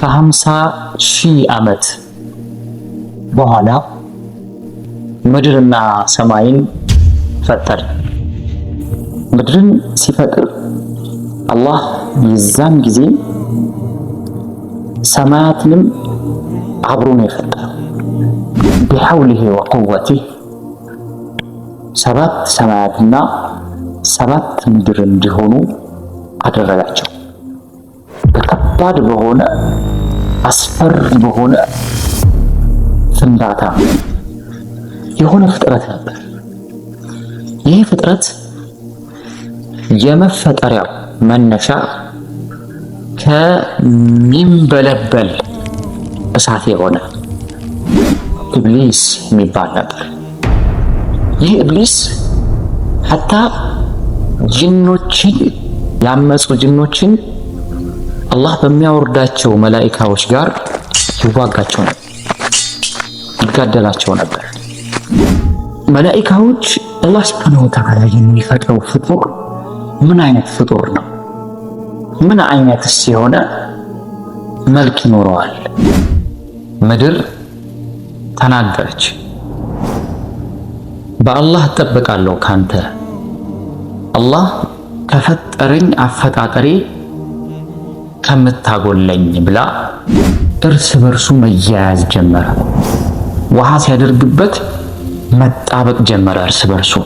ከሀምሳ ሺህ ዓመት በኋላ ምድርና ሰማይን ፈጠረ። ምድርን ሲፈጥር አላህ የዛን ጊዜ ሰማያትንም አብሮ ነው የፈጠረው። ቢሐውሊሂ ወቁወቲህ ሰባት ሰማያትና ሰባት ምድር እንዲሆኑ አደረጋቸው። በከባድ በሆነ አስፈሪ በሆነ ፍንዳታ የሆነ ፍጥረት ነበር። ይህ ፍጥረት የመፈጠሪያው መነሻ ከሚንበለበል እሳት የሆነ ኢብሊስ የሚባል ነበር። ይህ ኢብሊስ ሀታ ጅኖችን ያመፁ ጅኖችን አላህ በሚያወርዳቸው መላኢካዎች ጋር ይዋጋቸው ነበር፣ ይጋደላቸው ነበር። መላኢካዎች አላህ ሱብሓነሁ ወተዓላ የሚፈጥረው ፍጡር ምን አይነት ፍጡር ነው? ምን አይነትስ የሆነ መልክ ይኖረዋል? ምድር ተናገረች። በአላህ እጠበቃለሁ ካንተ አላህ ከፈጠረኝ አፈጣጠሬ ከምታጎለኝ ብላ እርስ በርሱ መያያዝ ጀመረ። ውሃ ሲያደርግበት መጣበቅ ጀመረ እርስ በርሱ።